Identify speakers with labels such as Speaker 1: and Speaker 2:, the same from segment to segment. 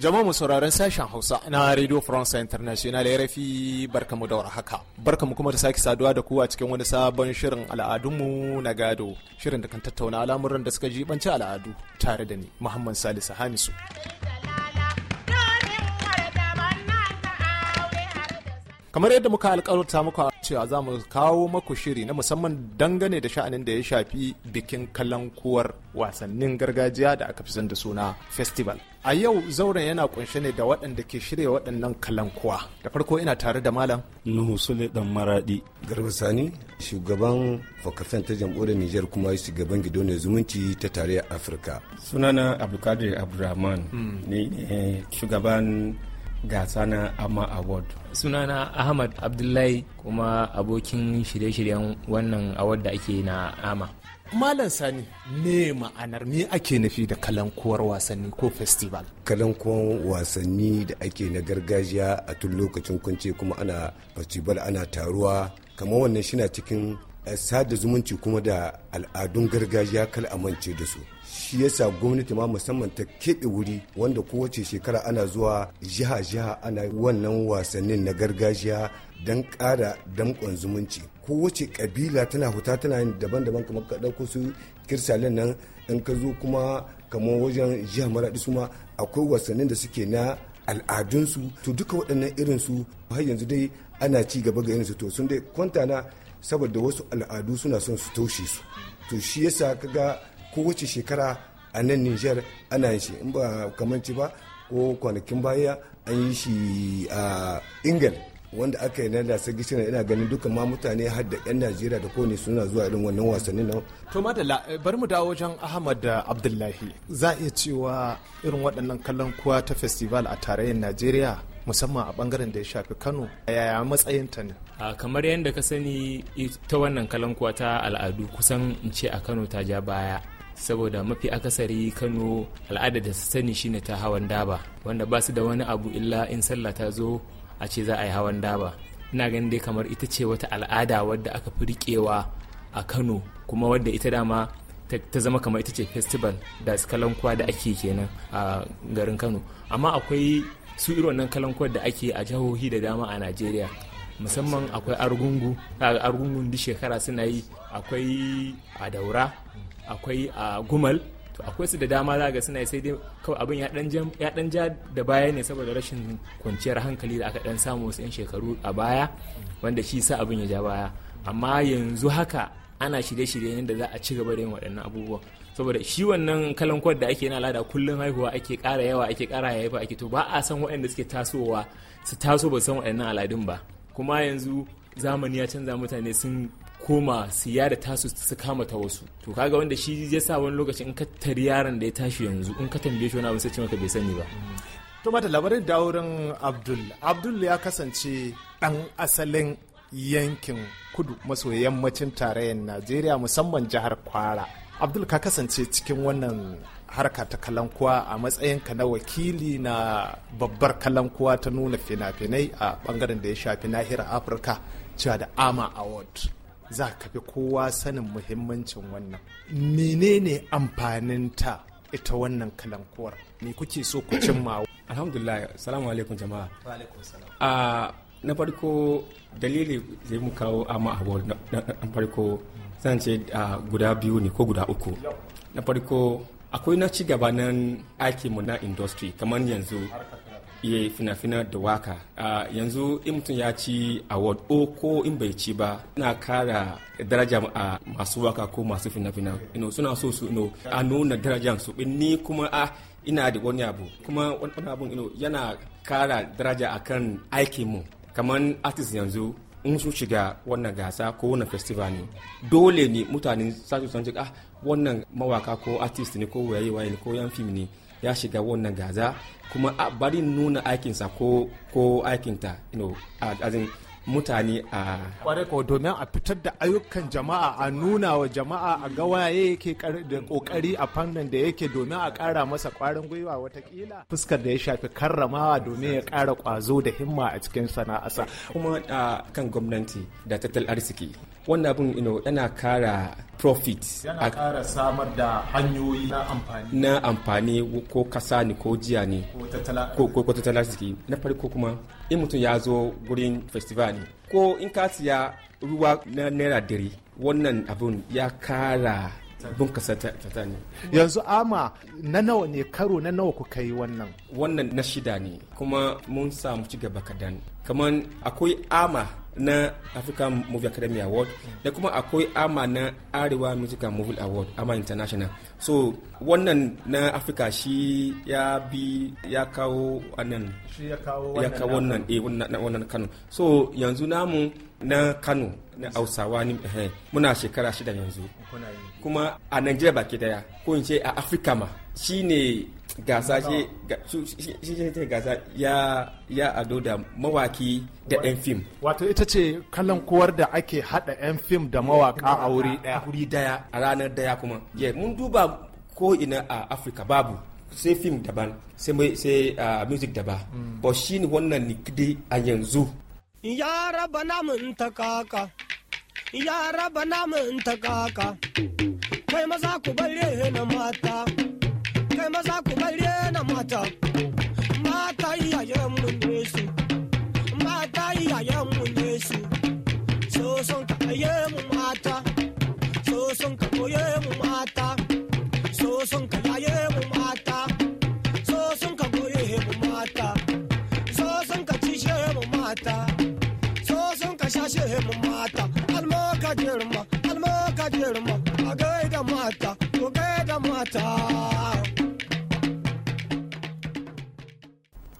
Speaker 1: Jama'a mu sauraron sashen Hausa na Radio France International ya rafi barka mu daura haka. mu kuma da sake saduwa da ku a cikin wani sabon shirin al'adunmu na gado. Shirin da kan tattauna al'amuran da suka jibanci al'adu tare da ni Muhammad Salisu Hamisu. kamar yadda muka alƙawarta muku cewa za mu kawo maku shiri na musamman dangane da sha'anin da ya shafi bikin kalankuwar wasannin gargajiya da aka fi da suna festival. A yau zauren yana kunshe ne da waɗanda ke shirya waɗannan kalankuwa. Da farko ina tare da malam.
Speaker 2: Nuhu Sule Dan maraɗi. Garba Sani, shugaban Fokafen ta jamhuriyar Nijar kuma shugaban ne Zumunci ta tarayyar Afirka.
Speaker 3: Sunana Abdulkadir Abdulrahman. Hmm. ne eh, shugaban gasa na amma award sunana ahmad abdullahi kuma abokin shirye-shiryen
Speaker 1: wannan award da ake na ama Malam Sani ne ma'anar me ake nufi da kalankuwar wasanni ko festival?
Speaker 2: Kalankuwar wasanni da ake na gargajiya a tun lokacin kunce kuma ana festival ana taruwa kamar wannan shina cikin eh, sada zumunci kuma da al'adun gargajiya kal amince da su. shi yasa gwamnati ma musamman ta keɓe wuri wanda kowace shekara ana zuwa jiha-jiha ana wannan wasannin na gargajiya don ƙara damƙon zumunci kowace ƙabila tana huta tana yin daban-daban kamar ka ɗauko su kirsalin nan in ka zo kuma kamar wajen jiha maraɗi su ma akwai wasannin da suke na al'adunsu to duka waɗannan su har yanzu dai ana ci gaba ga irinsu to sun dai kwanta na saboda wasu al'adu suna son su taushe su to shi yasa kaga kowace shekara a nan Nijar ana yin shi in ba kamanci ba ko kwanakin baya an yi shi a ingil wanda aka yi na da gishirin ina ganin duka ma mutane har da 'yan najeriya da kone suna zuwa irin wannan wasannin nan
Speaker 1: to madalla eh, bari mu dawo wajen ahmad da eh, abdullahi za a iya cewa irin waɗannan kallon kuwa ta festival a tarayyar najeriya musamman a bangaren da ya shafi kano a yaya matsayin ta ne
Speaker 4: kamar yadda ka sani ta wannan kalankuwa ta al'adu kusan in ce a kano ta ja baya saboda mafi akasari kano al'ada da su sani shine ta hawan daba wanda ba su da wani abu illa in sallah ta zo a ce za a yi hawan daba ina ganin dai kamar ita ce wata al'ada wadda aka fi riƙewa a kano kuma wadda ita dama ta zama kamar ita ce festival da kalankuwa da ake kenan a garin kano amma akwai su irin wannan kalankuwa da ake a jihohi da dama a najeriya musamman akwai argungu argungun duk shekara suna yi akwai adaura akwai a gumal to akwai su da dama za ga suna sai dai kawai abin ya dan ja da baya ne saboda rashin kwanciyar hankali da aka dan samu wasu 'yan shekaru a baya wanda shi sa abin ya ja baya amma yanzu haka ana shirye-shirye yadda za a ci gaba da yin waɗannan abubuwa saboda shi wannan kalankwar da ake na lada kullum haihuwa ake ƙara yawa ake ƙara haifa ake to ba a san waɗanda suke tasowa su taso ba san waɗannan aladun ba kuma yanzu zamani ya canza mutane sun koma siya da tasu su kama ta wasu to kaga wanda shi ya sa wani lokaci in ka tari yaron da ya tashi yanzu in ka tambaye shi wani abu sai maka bai sani ba
Speaker 1: to mata labarin da wurin abdul abdul ya kasance dan asalin yankin kudu maso yammacin tarayyar najeriya musamman jihar kwara abdul ka kasance cikin wannan harka ta kalankuwa a matsayinka na wakili na babbar kalankuwa ta nuna fina-finai a bangaren da ya shafi nahiyar afirka cewa da ama award za ka fi kowa sanin muhimmancin wannan menene amfanin ta
Speaker 3: ita wannan kalankuwar me kuke so ku cimma alhamdulillah salamu alaikum jama'a a ah, na farko dalili zai mu kawo a abu na farko zan ce ah, guda biyu ne ko guda uku na farko akwai na ci gaba nan aikinmu na industry kamar yanzu iya fina-fina da waka yanzu in mutum ya ci award o ko in bai ci ba ina kara daraja a masu waka ko masu fina-fina suna so su ino a nuna darajan su ni kuma a ina da wani abu kuma wani abu yana kara daraja a kan aikin mu kamar artist yanzu in su shiga wannan gasa ko wannan festival ne dole ne mutane sashi sun ah wannan mawaka ko artist ne ko waye waye ko yan fim ne ya shiga wannan gaza kuma a bari nuna aikinsa ko ko aikinta mutane a kware ko domin a fitar da
Speaker 1: ayyukan jama'a a nuna wa jama'a a ga waye yake da kokari a fannin da yake domin a kara masa kwarin gwiwa watakila fuskar da ya shafi karramawa domin ya kara kwazo
Speaker 3: da himma a cikin sana'asa kuma a ah, kan gwamnati da tattalin arziki wannan abin yana kara profit yana kara
Speaker 1: samar da hanyoyi na amfani na
Speaker 3: amfani ko kasa ne ko jiya ne ko tattalin arziki na farko kuma in mutum ya zo gurin festival ne ko in ka siya ruwa na naira dari wannan abun ya kara bunkasa ta ne yanzu ama na nawa ne karo
Speaker 1: na nawa kuka yi wannan
Speaker 3: wannan na shida ne kuma mun samu ci gaba kadan kamar akwai ama na african movie academy award da kuma akwai ama na arewa musical movie award ama international so wannan na africa shi ya bi ya kawo wannan ya kawo wannan eh wannan kano so yanzu namu na kano na hausawa ni eh, muna shekara shida yanzu kuma a nigeria baki daya ko in ce a africa ma ne gasa shi ta gasa ya ya ado da mawaki da yan fim wato ita ce kallon kowar da ake hada yan fim da mawaka a wuri daya wuri daya a ranar daya kuma mun duba ko ina a afirka babu sai fim daban sai sai music daban hmm. ba shi ne wannan nikide a yanzu
Speaker 2: ya raba namun ta kaka ya raba namun ta kaka kai maza ku bare na mata kai maza mata mata iyayen mu ne mata iyayen mu ne su so son ka kaye mu mata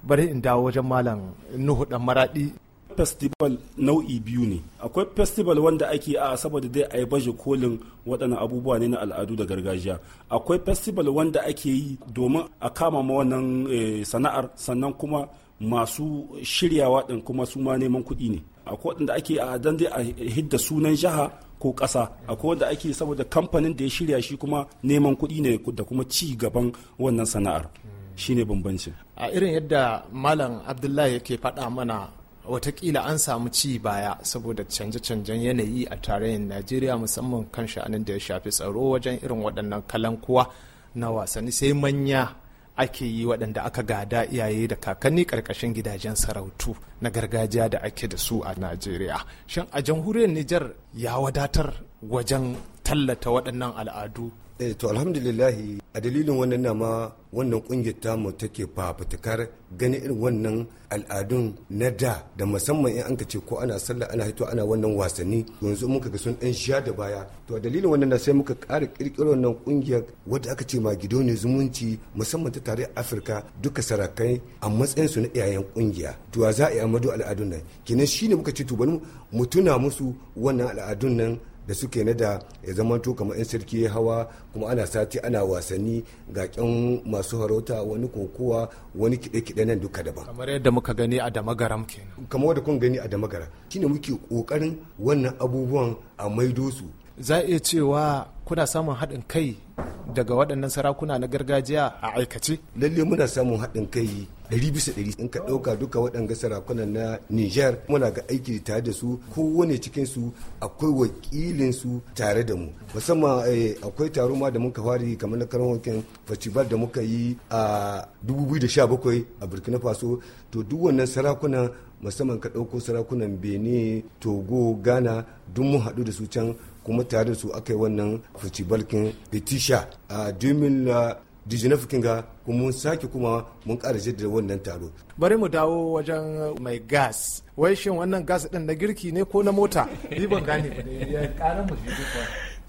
Speaker 3: bari in dawo wajen malam nuhu dan maradi festival nau'i biyu ne akwai festival wanda ake a saboda dai a yi baje kolin waɗannan abubuwa ne na al'adu da gargajiya akwai festival wanda ake yi domin a kama ma wannan eh, sana'ar sannan kuma masu shiryawa ɗin kuma su ma neman kuɗi ne akwai waɗanda ake a dan dai a hidda sunan jiha ko ƙasa akwai wanda ake saboda kamfanin da ya shirya shi kuma neman kuɗi ne da kuma ci gaban wannan sana'ar shine bambancin
Speaker 1: a irin yadda malam abdullahi yake faɗa mana watakila an samu ci baya saboda canje-canjen yanayi a tarayyar najeriya musamman kan sha'anin da ya shafi tsaro wajen irin waɗannan kalankuwa na wasanni sai manya ake yi waɗanda aka gada iyaye da kakanni ƙarƙashin gidajen sarautu na gargajiya da ake da su a najeriya shin a jamhuriyar nijar ya wadatar
Speaker 2: wajen tallata waɗannan al'adu eh to alhamdulillahi a dalilin wannan nama wannan kungiyar ta mu take fafutukar gani irin wannan al'adun na da da musamman in an ka ce ko ana sallah ana hito ana wannan wasanni yanzu muka ga sun dan sha da baya to a dalilin wannan sai muka ƙara kirkiro wannan kungiyar wadda aka ce ma ne zumunci musamman ta tare afirka duka sarakai a matsayin su na iyayen kungiya to za a yi amadu al'adun nan kenan shine muka ce to bari mu tuna musu wannan al'adun nan da suke na da ya zamanto kamar in sarki ya hawa kuma ana sati ana wasanni ga kyan masu harauta wani kokowa wani kiɗe-kiɗe nan duka daban
Speaker 1: kamar yadda muka gani a damagaram kenan kamar wadda kun gani a
Speaker 2: damagaram shine muke kokarin wannan abubuwan a
Speaker 1: maido su za a iya cewa kuna samun haɗin kai daga waɗannan sarakuna na
Speaker 2: gargajiya a aikace? Lalle muna samun haɗin kai ɗari bisa ɗari in ka ɗauka duka waɗanga sarakunan na Nijar muna ga aiki tare da su kowane cikin su akwai wakilin su tare da mu musamman eh, akwai taro ma da mun muka fari kamar na karon wankin festival da muka yi a 2017 a Burkina Faso to duk wannan sarakunan musamman ka ɗauko sarakunan Benin Togo Ghana duk mun haɗu da su can kuma tare su aka yi wannan fici balkin fetisha a 2019 kinga kuma mun sake kuma mun ƙara da wannan taro
Speaker 1: bari mu dawo wajen mai gas wai shin wannan gas ɗin na girki ne ko na mota ni ban gane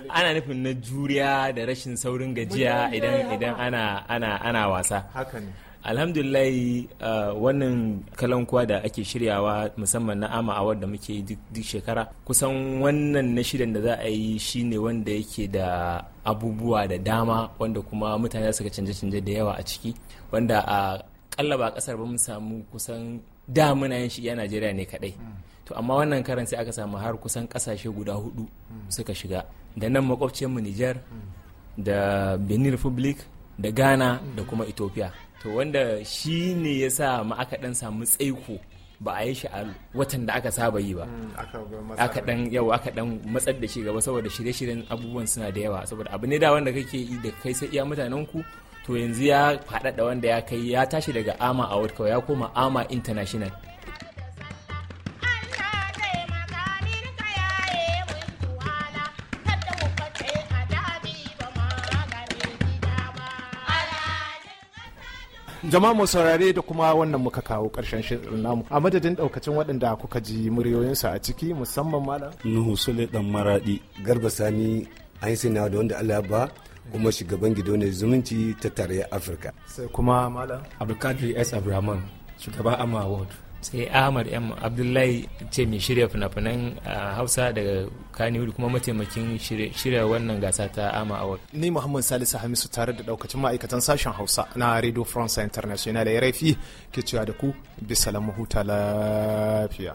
Speaker 4: ana nufin na juriya da rashin saurin gajiya idan ana wasa alhamdulillahi uh, wannan kalankuwa da ake shiryawa musamman na ama awar da muke duk shekara kusan wannan na shirin da za a yi shine wanda yake da abubuwa da dama wanda kuma mutane za su ka canje-canje da yawa a ciki wanda a kallaba kalla ba kasar ba mun samu kusan damuna yin shi iya najeriya ne kadai to amma wannan karan sai aka samu har kusan kasashe guda hudu suka shiga da nan makwabcinmu niger da benin republic da ghana da kuma ethiopia to wanda shi ne ya sa ma aka dan samu tsaiko ba a yi shi a watan da aka saba yi ba
Speaker 1: mm, aka
Speaker 4: dan yau aka dan matsar da shi gaba saboda shirye-shiryen abubuwan suna da yawa saboda abu ne da wanda kake yi da kai sai iya mutanen ku to yanzu ya faɗaɗa wanda ya kai ya tashi daga ama a kawai ya koma ama international
Speaker 1: jama'a mu saurare da kuma wannan muka kawo karshen shirin namu a madadin daukacin waɗanda kuka ji muryoyinsu
Speaker 2: a ciki musamman malam nuhu sule dan maradi garba sani an yi da wanda allah ba kuma shugaban zumunci ta tarayyar afirka
Speaker 3: sai kuma malam abdulkadir s abraman shugaba ama award sai
Speaker 4: ahmad m abdullahi ce mai shirya fina-finan hausa daga kaniwood kuma
Speaker 1: mataimakin shirya wannan gasa ta ama award ni muhammad salisu hamisu tare da daukacin ma'aikatan sashen hausa na radio france international ya raifi ke cewa da ku bisa lamu huta lafiya